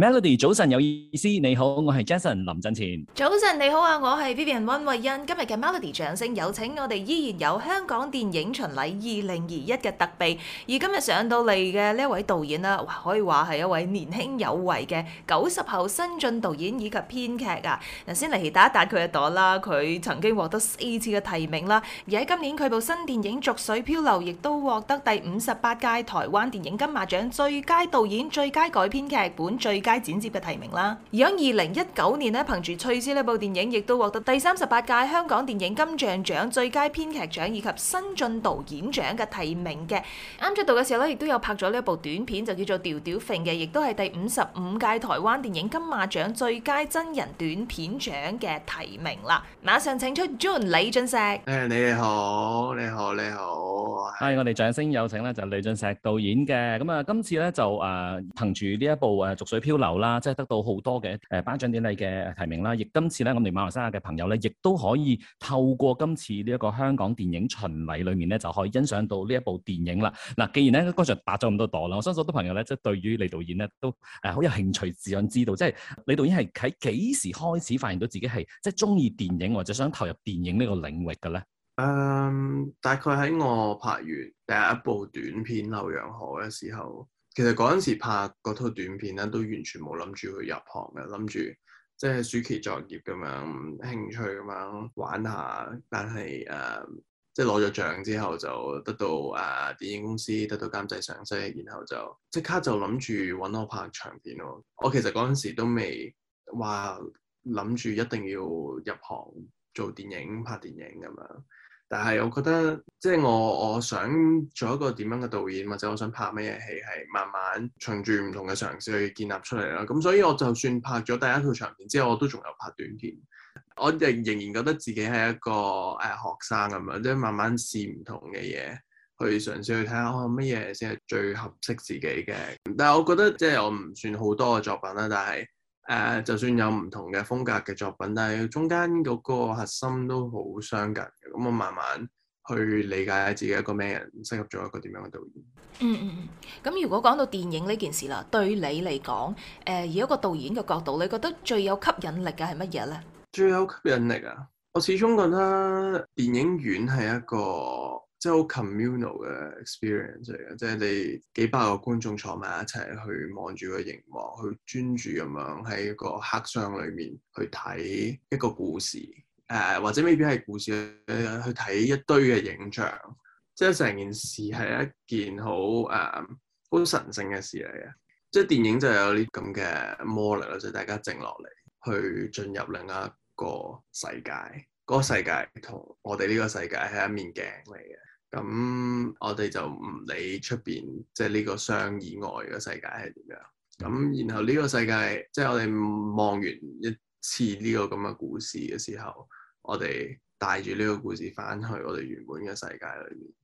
Melody，早晨有意思，你好，我係 Jason 林振前。早晨你好啊，我係 Vivian 溫慧欣。今日嘅 Melody 掌聲有請，我哋依然有香港電影巡禮二零二一嘅特備，而今日上到嚟嘅呢一位導演啦，可以話係一位年輕有為嘅九十後新晉導演以及編劇啊。嗱，先嚟打一打佢嘅朵啦，佢曾經獲得四次嘅提名啦，而喺今年佢部新電影《濁水漂流》亦都獲得第五十八屆台灣電影金馬獎最，最佳導演、最佳改編劇本最佳剪接嘅提名啦，而喺二零一九年呢，憑住《翠絲》呢部電影，亦都獲得第三十八屆香港電影金像獎最佳編劇獎以及新晉導演獎嘅提名嘅。啱出道嘅時候咧，亦都有拍咗呢一部短片，就叫做《吊吊揈》嘅，亦都係第五十五屆台灣電影金馬獎最佳真人短片獎嘅提名啦。馬上請出 John 李俊石，誒你好，你好，你好，係我哋掌聲有請呢，就係李俊石導演嘅。咁啊，今次呢，就誒憑住呢一部誒逐水片。漂流啦，即係得到好多嘅誒頒獎典禮嘅提名啦。亦今次咧，我哋馬來西亞嘅朋友咧，亦都可以透過今次呢一個香港電影巡禮裏面咧，就可以欣賞到呢一部電影啦。嗱，既然咧剛才打咗咁多朵啦，我相信好多朋友咧，即係對於李導演咧都誒好有興趣，想知道，即係李導演係喺幾時開始發現到自己係即係中意電影或者想投入電影呢個領域嘅咧？誒，大概喺我拍完第一部短片《瀏陽河》嘅時候。其實嗰陣時拍嗰套短片咧，都完全冇諗住去入行嘅，諗住即係暑期作業咁樣，興趣咁樣玩下。但係誒、呃，即係攞咗獎之後就得到誒、呃、電影公司得到監製賞識，然後就即刻就諗住搵我拍長片咯。我其實嗰陣時都未話諗住一定要入行做電影拍電影咁樣。但係，我覺得即係、就是、我我想做一個點樣嘅導演，或者我想拍乜嘢戲，係慢慢循住唔同嘅嘗試去建立出嚟咯。咁所以我就算拍咗第一套長片之後，我都仲有拍短片。我亦仍然覺得自己係一個誒、哎、學生咁樣，即、就、係、是、慢慢試唔同嘅嘢去嘗試去睇下，乜嘢先係最合適自己嘅。但係我覺得即係、就是、我唔算好多嘅作品啦，但係。誒，uh，就算有唔同嘅風格嘅作品，但係中間嗰個核心都好相近嘅。咁我慢慢去理解下自己一個咩人，適合做一個點樣嘅導演。嗯嗯嗯。咁如果講到電影呢件事啦，對你嚟講，誒、呃，以一個導演嘅角度，你覺得最有吸引力嘅係乜嘢咧？最有吸引力啊？我始終覺得電影院係一個。即係好 communal 嘅 experience 嚟嘅，即係你幾百個觀眾坐埋一齊去望住個熒幕，去專注咁樣喺個黑箱裏面去睇一個故事，誒、呃、或者未必係故事，去睇一堆嘅影像，即係成件事係一件好誒好神聖嘅事嚟嘅，即係電影就有呢咁嘅魔力啦，即係大家靜落嚟去進入另一個世界。嗰個世界同我哋呢個世界係一面鏡嚟嘅，咁我哋就唔理出邊，即係呢個相以外嘅世界係點樣。咁然後呢個世界，即係我哋望完一次呢個咁嘅故事嘅時候，我哋帶住呢個故事翻去我哋原本嘅世界裏面。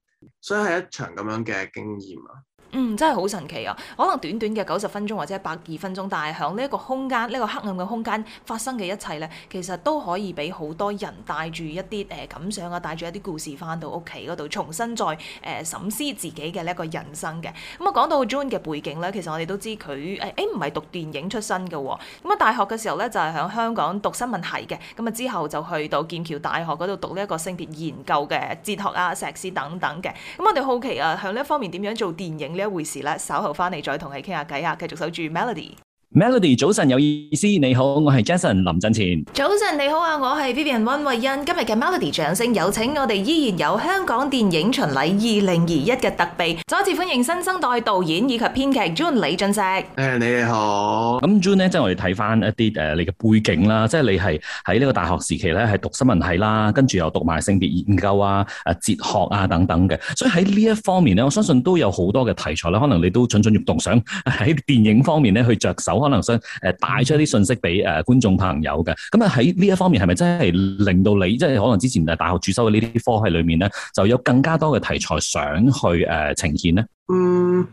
所以係一場咁樣嘅經驗啊，嗯，真係好神奇啊！可能短短嘅九十分鐘或者百二分鐘，但係喺呢一個空間，呢、這個黑暗嘅空間發生嘅一切咧，其實都可以俾好多人帶住一啲誒感想啊，帶、呃、住一啲故事翻到屋企嗰度，重新再誒審視自己嘅呢一個人生嘅。咁、嗯、啊，講到 June 嘅背景咧，其實我哋都知佢誒，誒唔係讀電影出身嘅，哦，咁、嗯、啊，大學嘅時候咧就係、是、喺香港讀新聞系嘅，咁啊之後就去到劍橋大學嗰度讀呢一個性別研究嘅哲學啊，碩士等等嘅。咁、嗯、我哋好奇啊，向呢一方面點樣做電影呢一回事呢？稍後返嚟再同你傾下偈啊！繼續守住 Melody。Mel Melody，早晨有意思，你好，我係 Jason 林振前。早晨你好啊，我係 Vivian 溫慧欣。今日嘅 Melody 掌聲有請，我哋依然有香港電影巡禮二零二一嘅特備，再一次歡迎新生代導演以及編劇 John 李俊石。誒，你好。咁 John 咧，即係我哋睇翻一啲誒、呃，你嘅背景啦，即係你係喺呢個大學時期咧，係讀新聞系啦，跟住又讀埋性別研究啊、誒哲學啊等等嘅，所以喺呢一方面咧，我相信都有好多嘅題材啦，可能你都蠢蠢欲動，想喺電影方面咧去着手。可能想誒帶出一啲信息俾誒觀眾朋友嘅，咁啊喺呢一方面係咪真係令到你即係可能之前誒大學主修嘅呢啲科系裏面咧，就有更加多嘅題材想去誒呈現咧？嗯，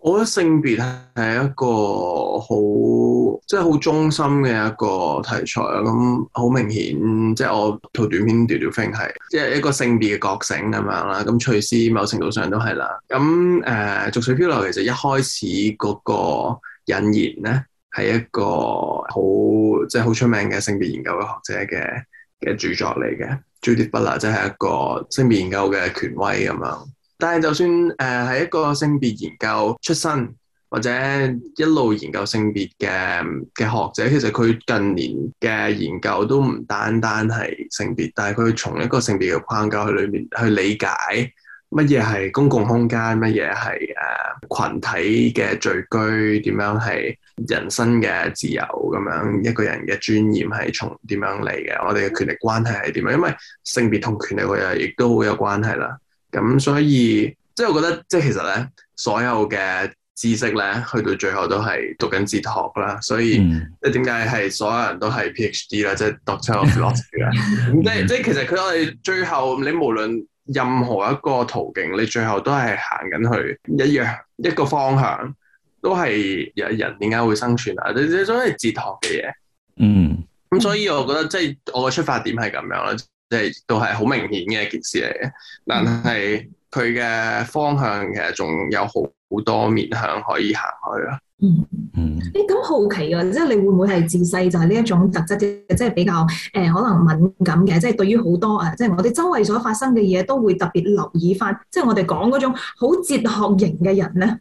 我覺得性別係一個好即係好中心嘅一個題材啊！咁好明顯，即係我套短片《屌屌飛》係即係一個性別嘅覺醒咁樣啦。咁《趣思》某程度上都係啦。咁誒《逐水漂流》其實一開始嗰個引言咧，係一個好即係好出名嘅性別研究嘅學者嘅嘅著作嚟嘅，Judith Butler 即係一個性別研究嘅權威咁樣。但係就算誒係、呃、一個性別研究出身或者一路研究性別嘅嘅學者，其實佢近年嘅研究都唔單單係性別，但係佢從一個性別嘅框架去裏面去理解，乜嘢係公共空間？乜嘢係誒群體嘅聚居？點樣係人生嘅自由咁樣？一個人嘅尊嚴係從點樣嚟嘅？我哋嘅權力關係係點樣？因為性別同權力佢又亦都好有關係啦。咁所以即係、就是、我覺得即係、就是、其實咧，所有嘅知識咧，去到最後都係讀緊哲學啦。所以即係點解係所有人都係 PhD 啦，即係 Doctor of Philosophy？即係即係其實佢係最後你無論。任何一個途徑，你最後都係行緊去一樣一個方向，都係人點解會生存啊？你你所以哲學嘅嘢，嗯，咁所以我覺得即係、就是、我嘅出發點係咁樣啦，即、就、係、是、都係好明顯嘅一件事嚟嘅。但係佢嘅方向其實仲有好多面向可以行去啦。嗯嗯，誒，咁好奇啊？即係你會唔會係自細就係呢一種特質嘅，即係比較誒可能敏感嘅，即係對於好多啊，即係我哋周圍所發生嘅嘢都會特別留意翻，即係我哋講嗰種好哲學型嘅人咧。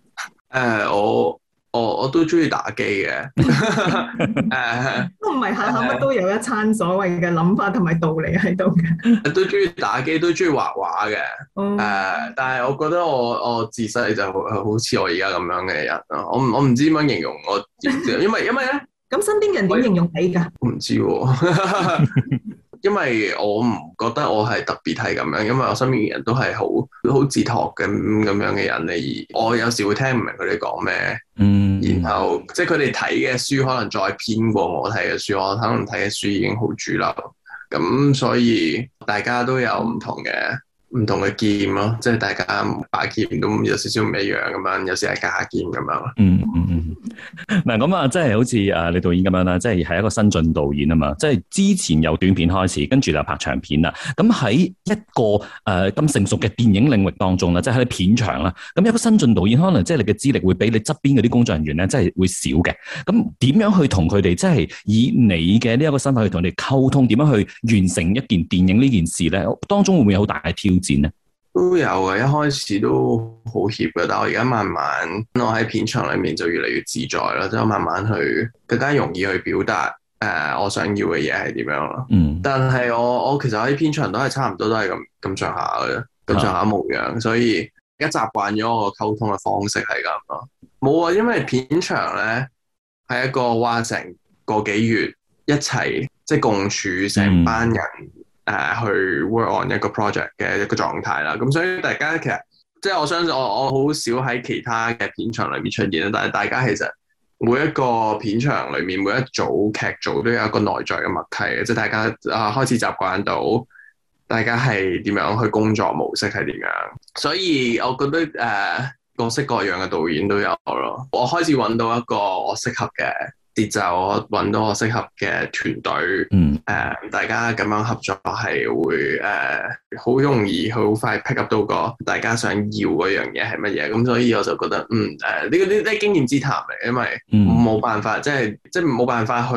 誒，我。我、哦、我都中意打機嘅，誒都唔係下下乜都有一餐所謂嘅諗法同埋道理喺度嘅。都中意打機，都中意畫畫嘅。誒、嗯啊，但係我覺得我我自細就好似我而家咁樣嘅人啊，我我唔知點樣形容我，點知，因為因為咧，咁 身邊人點形容你噶？我唔知喎、啊。 因為我唔覺得我係特別係咁樣，因為我身邊嘅人都係好好自學咁咁樣嘅人咧，而我有時會聽唔明佢哋講咩，嗯，然後即係佢哋睇嘅書可能再偏過我睇嘅書，我可能睇嘅書已經好主流，咁所以大家都有唔同嘅唔同嘅劍咯，即係大家把劍都有少少唔一樣咁樣，有時係假劍咁樣，嗯嗯嗯。嗯嗯。嗱，咁啊，即係好似誒，李導演咁樣啦，即係係一個新晉導演啊嘛，即係之前由短片開始，跟住就拍長片啦。咁喺一個誒咁、呃、成熟嘅電影領域當中啦，即係喺片場啦，咁一個新晉導演可能即係你嘅資歷會比你側邊嗰啲工作人員咧，即係會少嘅。咁點樣去同佢哋，即係以你嘅呢一個身份去同佢哋溝通，點樣去完成一件電影呢件事咧？當中會唔會有好大嘅挑戰咧？都有嘅，一開始都好怯嘅，但我而家慢慢，我喺片場裏面就越嚟越自在啦，即係慢慢去更加容易去表達誒、呃、我想要嘅嘢係點樣咯。嗯，但係我我其實喺片場都係差唔多都係咁咁上下嘅，咁上下模樣，啊、所以而家習慣咗我個溝通嘅方式係咁咯。冇啊，因為片場咧係一個話成個幾月一齊即係共處成班人。嗯誒、呃、去 work on 一個 project 嘅一個狀態啦，咁所以大家其實即係我相信我我好少喺其他嘅片場裏面出現啦，但係大家其實每一個片場裏面每一組劇組都有一個內在嘅默契，即係大家啊、呃、開始習慣到大家係點樣去工作，模式係點樣，所以我覺得誒、呃、各式各樣嘅導演都有咯，我開始揾到一個我適合嘅。奏我揾到我適合嘅團隊，誒、嗯 uh, 大家咁樣合作係會誒好、uh, 容易好快 pick up 到個大家想要嗰樣嘢係乜嘢？咁所以我就覺得嗯誒呢個呢啲經驗之談嚟，因為冇辦法、嗯、即係即係冇辦法去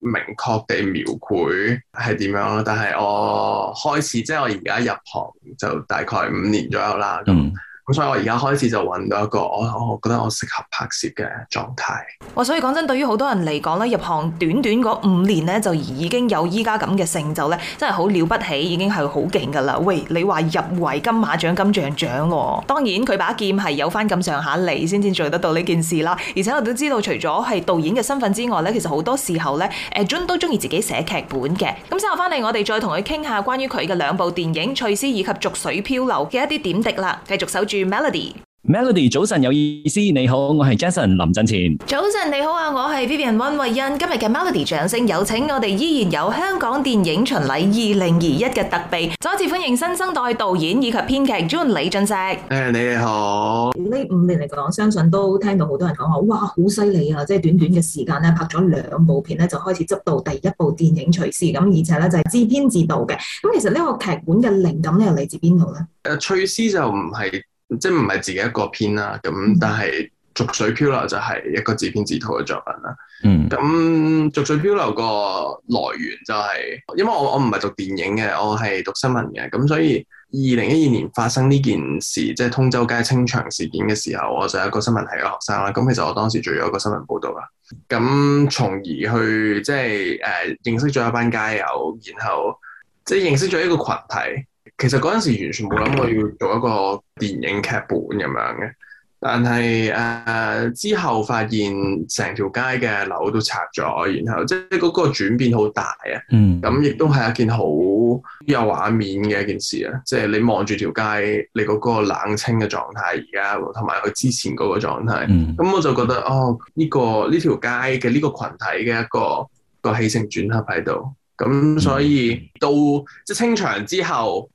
明確地描繪係點樣咯。但係我開始即係我而家入行就大概五年左右啦。嗯咁所以我而家開始就揾到一個我我覺得我適合拍攝嘅狀態。哇！所以講真，對於好多人嚟講咧，入行短短五年咧，就已經有依家咁嘅成就咧，真係好了不起，已經係好勁噶啦。喂，你話入圍金馬獎、金像獎喎？當然佢把劍係有翻咁上下力先至做得到呢件事啦。而且我都知道，除咗係導演嘅身份之外咧，其實好多時候咧，誒、欸、Jun 都中意自己寫劇本嘅。咁稍後翻嚟，我哋再同佢傾下關於佢嘅兩部電影《翠絲》以及《濁水漂流》嘅一啲點滴啦。繼續守住。Melody，Melody，Mel 早晨有意思，你好，我係 Jason 林振前。早晨你好啊，我係 Vivian 溫慧欣。今日嘅 Melody 掌聲有請我哋依然有香港電影巡禮二零二一嘅特備，再一次歡迎新生代導演以及編劇 John 李俊石。誒，你好。呢五年嚟講，相信都聽到好多人講話，哇，好犀利啊！即係短短嘅時間咧，拍咗兩部片咧，就開始執導第一部電影隨《翠絲》，咁而且咧就係、是，自編自導嘅。咁其實呢個劇本嘅靈感咧，又嚟自邊度咧？誒，《翠絲》就唔係。即係唔係自己一個編啦，咁但係《逐水漂流》就係一個自編自導嘅作品啦。嗯，咁《逐水漂流》個來源就係、是，因為我我唔係讀電影嘅，我係讀新聞嘅，咁所以二零一二年發生呢件事，即係通州街清場事件嘅時候，我就係一個新聞系嘅學生啦。咁其實我當時做咗一個新聞報道啦，咁從而去即係誒、呃、認識咗一班街友，然後即係認識咗一個群體。其實嗰陣時完全冇諗我要做一個電影劇本咁樣嘅，但係誒、呃、之後發現成條街嘅樓都拆咗，然後即係嗰個轉變好大啊！咁亦都係一件好有畫面嘅一件事啊！即係你望住條街，你嗰個冷清嘅狀態而家，同埋佢之前嗰個狀態，咁、嗯、我就覺得哦呢、這個呢條街嘅呢、這個群體嘅一個一個起承轉合喺度，咁所以到、嗯、即清場之後。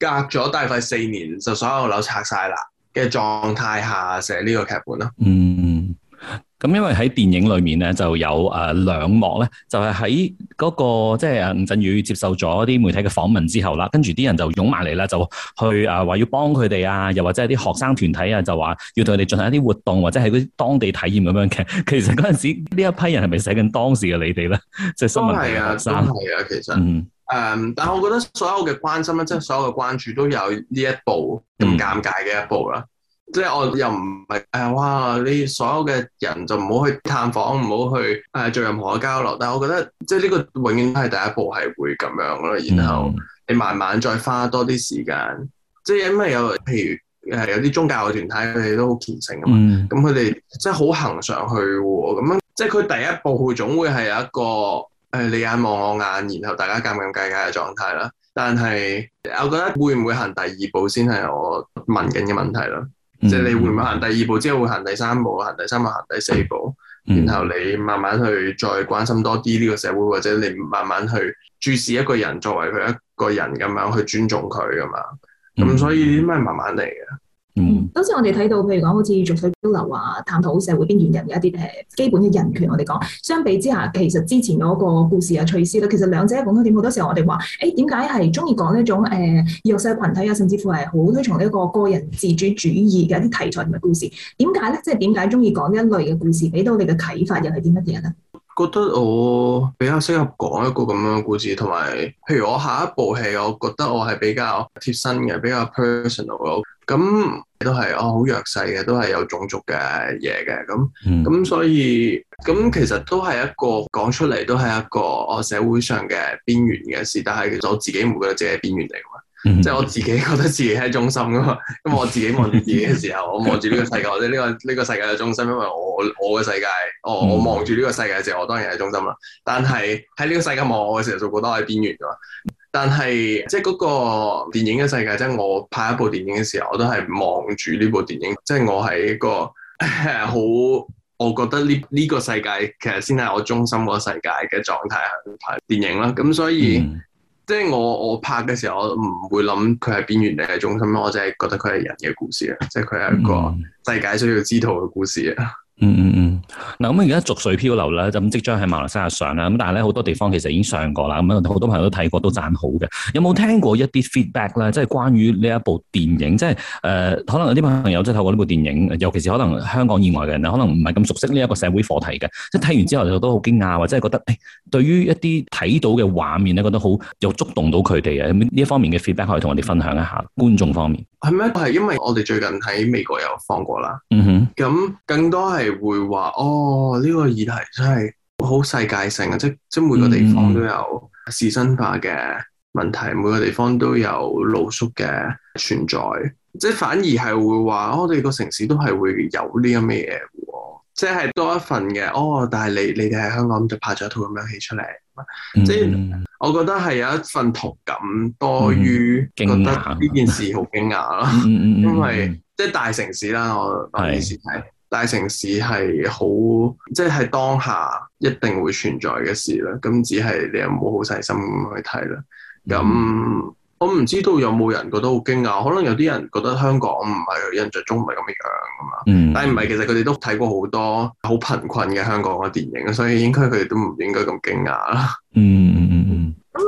隔咗大概四年，就所有樓拆晒啦嘅狀態下寫呢個劇本咯。嗯，咁因為喺電影裏面咧，就有誒兩、呃、幕咧，就係喺嗰個即係吳鎮宇接受咗啲媒體嘅訪問之後啦，跟住啲人就湧埋嚟啦，就去誒話、啊、要幫佢哋啊，又或者係啲學生團體啊，就話要同佢哋進行一啲活動，或者係嗰啲當地體驗咁樣嘅。其實嗰陣時呢一批人係咪寫緊當時嘅你哋咧？即係新聞第三係啊，其實。嗯誒，um, 但係我覺得所有嘅關心咧，即係所有嘅關注都有呢一步咁尷尬嘅一步啦。嗯、即係我又唔係誒，哇！你所有嘅人就唔好去探訪，唔好去誒、啊、做任何嘅交流。但係我覺得，即係呢個永遠都係第一步係會咁樣咯。然後你慢慢再花多啲時間，即係因為有譬如誒有啲宗教嘅團體，佢哋都好虔誠㗎嘛。咁佢哋即係好行上去喎。咁樣即係佢第一步，總會係有一個。誒，你眼望我眼，然後大家尷尷尬尬嘅狀態啦。但係，我覺得會唔會行第二步先係我問緊嘅問題啦。即係、嗯、你會唔會行第二步之後會行第三步，行第三步行第四步，嗯、然後你慢慢去再關心多啲呢個社會，或者你慢慢去注視一個人作為佢一個人咁樣去尊重佢噶嘛？咁、嗯、所以啲嘢慢慢嚟嘅。嗯，今次、嗯、我哋睇到，譬如講好似濁水漂流啊，探討社會邊緣人嘅一啲誒基本嘅人權，我哋講相比之下，其實之前嗰個故事有趣思啦。其實兩者共同點，好多時候我哋話，誒、欸，點解係中意講呢種誒、呃、弱勢群體啊，甚至乎係好推崇呢一個個人自主主義嘅一啲題材同埋故事？點解咧？即係點解中意講呢一類嘅故事，俾到你嘅啟發又係啲乜嘢咧？覺得我比較適合講一個咁樣嘅故事，同埋譬如我下一部戲，我覺得我係比較貼身嘅，比較 personal 嘅。咁都係啊，好弱勢嘅，都係有種族嘅嘢嘅。咁咁、嗯、所以咁其實都係一個講出嚟都係一個我社會上嘅邊緣嘅事，但係其實我自己唔覺得自己係邊緣嚟。嗯、即係我自己覺得自己喺中心噶嘛，咁我自己望住自己嘅時候， 我望住呢個世界或者呢個呢個世界嘅中心，因為我我嘅世界，我我望住呢個世界嘅時候，我當然喺中心啦。但係喺呢個世界望我嘅時候，就覺得我喺邊緣噶。但係即係嗰個電影嘅世界，即係我拍一部電影嘅時候，我都係望住呢部電影，即係我係一個好， 我覺得呢呢個世界其實先係我中心個世界嘅狀態喺度拍電影啦。咁所以。嗯即係我我拍嘅時候，我唔會諗佢係邊緣定係中心咯，我就係覺得佢係人嘅故事啊，即係佢係一個世界需要知道嘅故事啊。嗯 嗯嗯嗯，嗱咁而家逐水漂流啦，咁即將喺馬來西亞上啦。咁但係咧，好多地方其實已經上過啦。咁好多朋友都睇過，都讚好嘅。有冇聽過一啲 feedback 咧？即係關於呢一部電影，即係誒、呃，可能有啲朋友即係透過呢部電影，尤其是可能香港以外嘅人可能唔係咁熟悉呢一個社會課題嘅。即係睇完之後，就都好驚訝，或者係覺得誒、欸，對於一啲睇到嘅畫面咧，覺得好又觸動到佢哋啊？呢一方面嘅 feedback 可以同我哋分享一下，觀眾方面係咩？係因為我哋最近喺美國有放過啦。嗯哼，咁更多係。會話哦，呢、這個議題真係好世界性嘅，即即每個地方都有市鎮化嘅問題，每個地方都有露宿嘅存在，即反而係會話、哦、我哋個城市都係會有呢咁嘅嘢，即係多一份嘅哦。但係你你哋喺香港就拍咗一套咁樣戲出嚟，嗯、即我覺得係有一份同感多於覺得呢件事好驚訝咯。嗯、因為、嗯嗯嗯、即大城市啦，我我以前大城市係好，即係喺當下一定會存在嘅事啦。咁只係你有冇好好細心咁去睇啦？咁我唔知道有冇人覺得好驚訝，可能有啲人覺得香港唔係印象中唔係咁樣噶嘛。嗯、但係唔係，其實佢哋都睇過好多好貧困嘅香港嘅電影，所以應該佢哋都唔應該咁驚訝啦。嗯。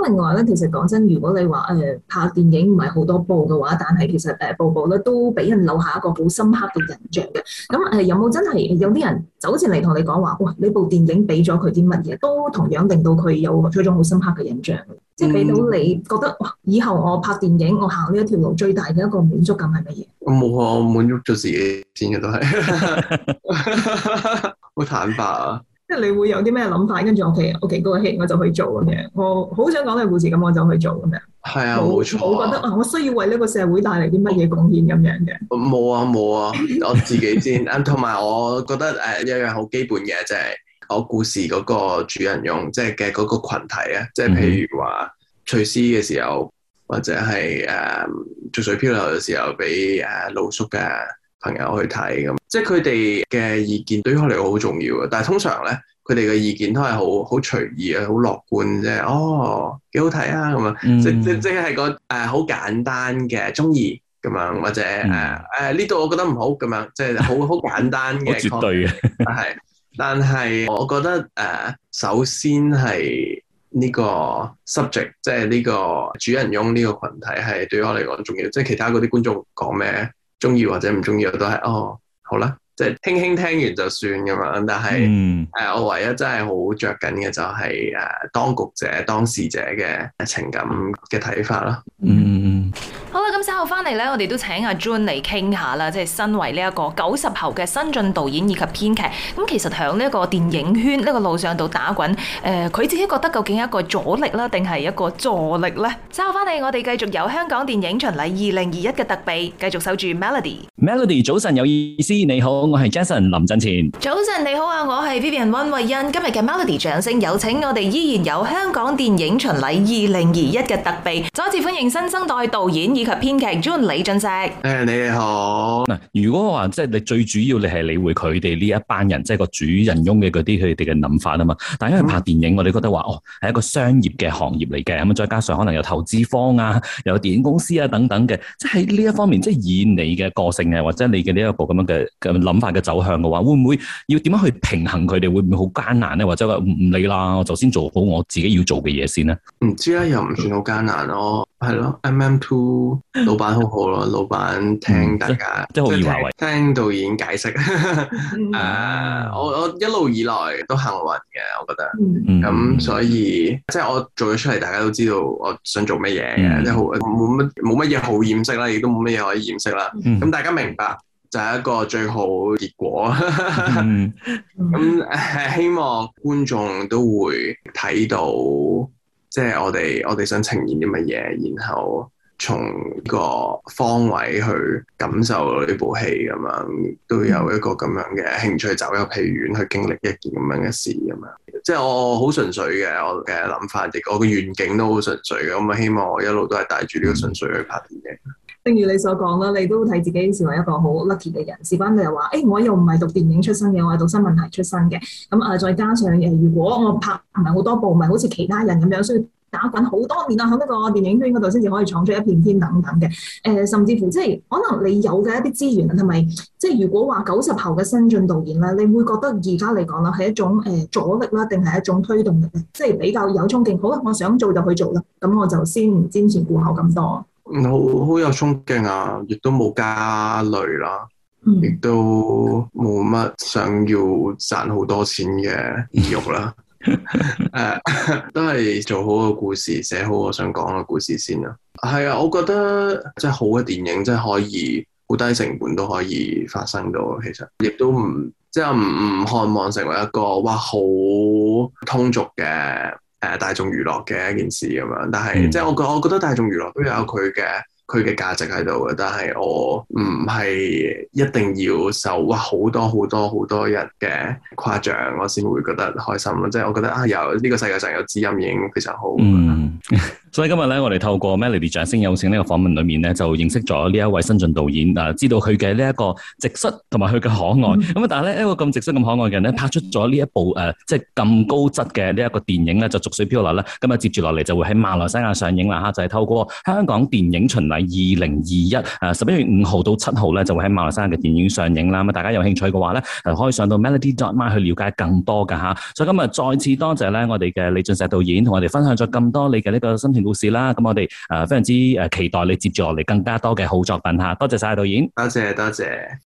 另外咧，其實講真，如果你話誒、呃、拍電影唔係好多部嘅話，但係其實誒部部咧都俾人留下一個好深刻嘅印象嘅。咁誒、呃、有冇真係有啲人就好似嚟同你講話，哇！你部電影俾咗佢啲乜嘢，都同樣令到佢有推咗好深刻嘅印象。即係俾到你覺得、嗯，以後我拍電影，我行呢一條路，最大嘅一個滿足感係乜嘢？我冇啊，我滿足咗自己先嘅都係， 好坦白啊！即係你會有啲咩諗法，跟住我企 OK，OK 嗰個戲我就去做咁樣。我好想講嘅故事咁，我就去做咁樣。係啊，冇錯啊。我覺得啊，我需要為呢個社會帶嚟啲乜嘢貢獻咁樣嘅。冇啊，冇啊，我自己先。啊，同埋我覺得誒一樣好基本嘅，就係我故事嗰個主人翁即係嘅嗰個羣體啊，即係譬如話翠絲嘅時候，或者係誒濁水漂流嘅時候，俾啊露宿嘅呃朋友去睇咁，即係佢哋嘅意見對於我嚟講好重要嘅。但係通常咧，佢哋嘅意見都係好好隨意啊，好樂觀啫。哦，幾好睇啊咁啊，樣嗯、即即係個誒好、呃、簡單嘅鍾意咁樣，或者誒誒呢度我覺得唔好咁樣，即係好好簡單嘅。好 絕對嘅係， 但係但係我覺得誒、呃，首先係呢個 subject，即係呢個主人翁呢個群體係對於我嚟講重要。即係其他嗰啲觀眾講咩？中意或者唔中意我都係哦，好啦，即係輕輕聽完就算咁樣，但係誒、嗯呃，我唯一真係好着緊嘅就係、是、誒、呃，當局者當事者嘅、呃、情感嘅睇法咯。嗯。嗯稍後翻嚟咧，我哋都請阿 June 嚟傾下啦。即係身為呢一個九十後嘅新晉導演以及編劇，咁其實響呢一個電影圈呢、呢個路上度打滾，誒、呃，佢自己覺得究竟一個阻力啦，定係一個助力呢？稍後翻嚟，我哋繼續有香港電影巡禮二零二一嘅特備，繼續守住 Melody。Melody，早晨有意思，你好，我係 Jason 林振前。早晨你好啊，我係 Vivian 溫慧欣。今日嘅 Melody 掌聲有請，我哋依然有香港電影巡禮二零二一嘅特備，再次歡迎新生代導演以及編。編劇兼李俊石，誒，你好。嗱，如果話即係你最主要，你係理會佢哋呢一班人，即係個主人翁嘅嗰啲佢哋嘅諗法啊嘛。但因為拍電影，我哋覺得話哦，係一個商業嘅行業嚟嘅，咁再加上可能有投資方啊，有電影公司啊等等嘅，即係呢一方面，即係以你嘅個性啊，或者你嘅呢一個咁樣嘅嘅諗法嘅走向嘅話，會唔會要點樣去平衡佢哋？會唔會好艱難咧？或者話唔理啦，我首先做好我自己要做嘅嘢先咧。唔知啊，又唔算好艱難咯。係咯，M M Two 老闆好好咯，老闆聽大家即係 聽，聽導演解釋啊！ uh, 我我一路以來都幸運嘅，我覺得咁， 所以即係、就是、我做咗出嚟，大家都知道我想做乜嘢嘅，即係好冇乜冇乜嘢好掩飾啦，亦都冇乜嘢可以掩飾啦。咁 大家明白就係、是、一個最好結果。咁 希望觀眾都會睇到。即係我哋，我哋想呈現啲乜嘢，然後從個方位去感受呢部戲咁樣，都有一個咁樣嘅興趣，走入戲院去經歷一件咁樣嘅事咁樣。即係我好純粹嘅，我嘅諗法亦，我嘅願景都好純粹嘅。咁啊，希望我一路都係帶住呢個純粹去拍電影。正如你所講啦，你都睇自己視為一個好 lucky 嘅人。事關你又話，誒、欸，我又唔係讀電影出身嘅，我係讀新聞系出身嘅。咁、嗯、啊，再加上誒，如果我拍唔係好多部，唔係好似其他人咁樣，需要打滾好多年啊，喺呢個電影圈嗰度先至可以闖出一片天等等嘅。誒、呃，甚至乎即、就、係、是、可能你有嘅一啲資源係咪即係如果話九十後嘅新晉導演咧，你會覺得而家嚟講啦係一種誒阻力啦，定係一種推動力嘅？即係比較有衝勁，好啦，我想做就去做啦，咁我就先唔瞻前顧後咁多。好好有衝勁啊！亦都冇家累啦，嗯、亦都冇乜想要賺好多錢嘅意欲啦。誒， 都係做好個故事，寫好我想講嘅故事先啦。係啊，我覺得即係好嘅電影，即係可以好低成本都可以發生到。其實亦都唔即係唔唔渴望成為一個哇好通俗嘅。誒，大眾娛樂嘅一件事咁樣，但係、嗯、即係我覺我覺得大眾娛樂都有佢嘅佢嘅價值喺度嘅，但係我唔係一定要受哇好多好多好多日嘅誇獎，我先會覺得開心咯。即係我覺得啊，有呢個世界上有知音已經非常好。嗯嗯所以今日咧，我哋透過 Melody 掌聲有請呢個訪問裏面咧，就認識咗呢一位新晉導演，啊，知道佢嘅呢一個直率同埋佢嘅可愛。咁啊、嗯，但係咧一個咁直率咁可愛嘅人咧，拍出咗呢一部誒、呃，即係咁高質嘅呢一個電影咧，就《濁水漂流》啦。今日接住落嚟就會喺馬來西亞上映啦吓，就係、是、透過香港電影巡禮二零二一，誒十一月五號到七號咧，就會喺馬來西亞嘅電影上映啦。咁大家有興趣嘅話咧，可以上到 Melody dot my 去了解更多嘅吓，所以今日再次多謝咧，我哋嘅李駿碩導演同我哋分享咗咁多你嘅呢個新片。故事啦，咁我哋誒、呃、非常之誒、呃、期待你接住落嚟更加多嘅好作品吓，多謝晒導演，多謝多謝。多謝。